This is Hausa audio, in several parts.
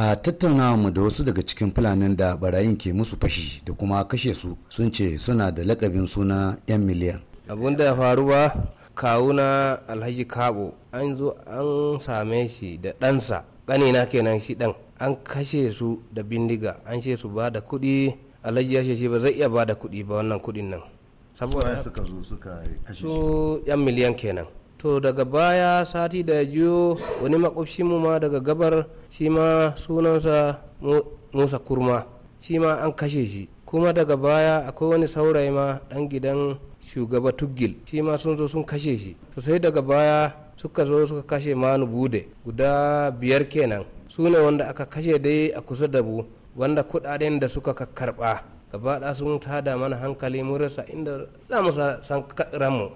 a tattaunawa mu da wasu daga cikin fulanin da barayin ke musu fashi da kuma kashe su sun ce suna da lakabin suna 'yan miliyan abun da ya faru kawuna alhaji kabo an zo an same shi da ɗansa ƙanina kenan shi ɗan an kashe su da bindiga an she su ba da kuɗi alhaji ya shi ba zai iya ba da kuɗi ba wannan kuɗin nan saboda su yan miliyan kenan to daga baya sati da ya jiyo wani mu ma daga gabar shi ma sunansa musa kurma shi ma an kashe shi kuma daga baya akwai wani saurayi ma dan gidan shugaba tuggil shi ma sun zo sun kashe shi sosai daga baya suka zo suka kashe manu bude guda biyar kenan su ne wanda aka kashe dai a kusa da bu wanda kudaden da suka karba gaba da sun tada mana hankali murarsa rasa inda za mu san mu.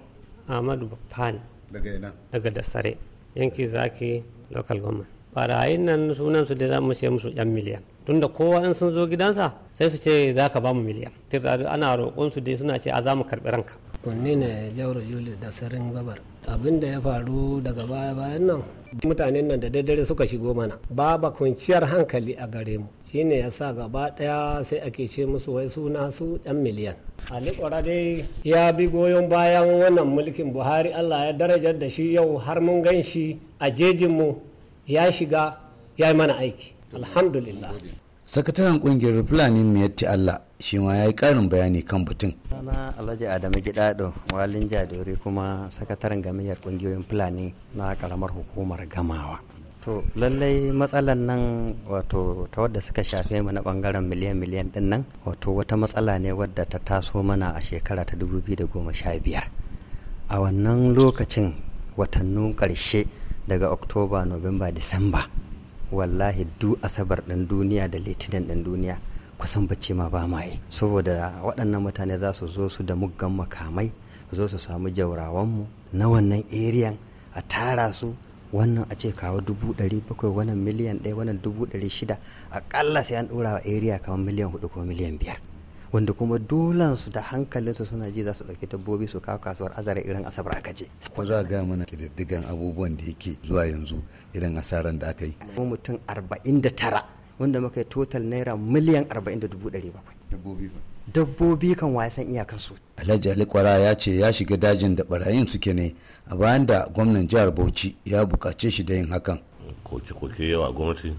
ahmadu fan daga ina daga dasare yanki zaki local government barayin nan sunan su da zamu musu yan miliyan tunda kowa in sun zo gidansa sai su ce za ka ba mu miliyan tirda ana roƙon su dai suna ce a za mu karɓi ranka kunne ne jauro yuli da sarin gabar abin da ya faru daga baya bayan nan mutanen nan da daddare suka shigo mana babu kwanciyar hankali a gare mu shine ya sa gaba daya sai ake ce musu wai suna su dan miliyan ali kwara dai ya bi goyon bayan wannan mulkin buhari allah ya darajar da shi yau har mun gan shi a mu ya shiga ya yi mana aiki alhamdulillah sakataren kungiyar fulani miyatti allah shi ma ya yi karin bayani kan batun sana alhaji adamu gidado walin jadori kuma sakataren gamayyar kungiyoyin fulani na karamar hukumar gamawa to lallai matsalan nan wato ta wadda suka shafe mu na bangaren miliyan miliyan din nan wato wata matsala ne wadda ta taso mana a shekara ta da sha biyar a wannan lokacin watannin karshe daga oktoba nuwamba disamba wallahi du asabar ɗan duniya da litinin ɗan duniya kusan bacci ma ba ma yi saboda waɗannan mutane za su zo su da muggan makamai zo su samu jaurawanmu na wannan eriyan a tara su wannan a ce kawo dubu ɗari bakwai wannan miliyan ɗaya wannan dubu ɗari shida aƙalla sai an ɗora wa eriya kamar miliyan hudu ko miliyan biyar wanda kuma su da hankalinsu suna ji za su ɗauki dabbobi su kawo kasuwar azara irin asabar aka je. ko za ga mana kididdigan abubuwan da yake zuwa yanzu irin asaran da aka yi. mutum arba'in da tara wanda muka yi total naira miliyan arba'in da dubu ɗari bakwai. dabbobi ba. dabbobi kan wasan iyakan su. alhaji ali kwara ya ce ya shiga dajin da barayin suke ne a bayan da gwamnan jihar bauchi ya buƙace shi da yin hakan. koke-koke yawa gwamnati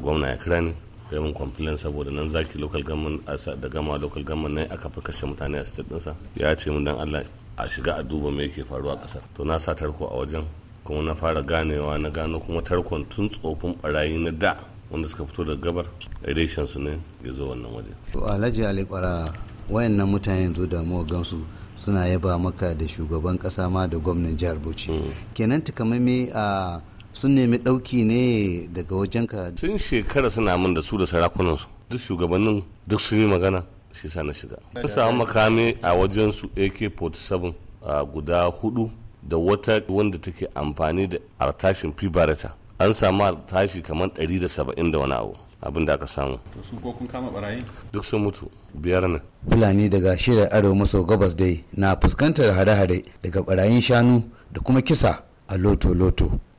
gwamna ya kira ni kai mun complain saboda nan zaki local government da gama local government ne aka fi kashe mutane a state dinsa ya ce mun dan Allah a shiga a duba me yake faruwa kasar to na sa tarko a wajen kuma na fara ganewa na gano kuma tarkon tun tsofin barayi na da wanda suka fito daga gabar irishan su ne ya zo wannan waje. to alhaji ali kwara wayannan mutane yanzu da gansu suna yaba maka da shugaban kasa ma da gwamnan jihar bauchi mm. kenan takamaimai a ah, sun nemi ɗauki ne daga wajen ka. tun shekara suna min da su da sarakunansu duk shugabannin duk sun yi magana shi sa na shiga sun samu makami a wajen su ak-47 guda hudu da wata wanda take amfani da artashin fibarata an samu artashi kamar 170 da wani abu abin da aka samu to su ko kun kama barayi duk sun mutu biyar ne fulani daga shirin arewa maso gabas dai na fuskantar hare-hare daga barayin shanu da kuma kisa a loto-loto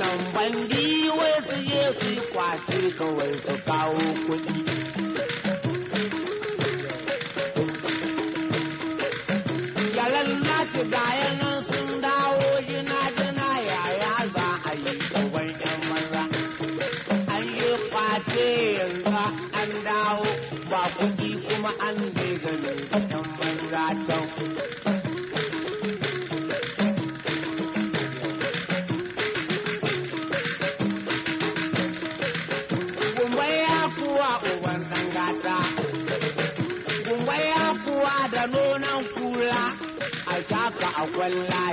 nan bangi wai su je su yi kawai su kawo kuɗi. Yalan na ci gaya nan sun dawo jina jina yaya za a yi gaban yan maza. An yi kwace yanzu an dawo ba kuɗi kuma an bai gani. shaka a kwalla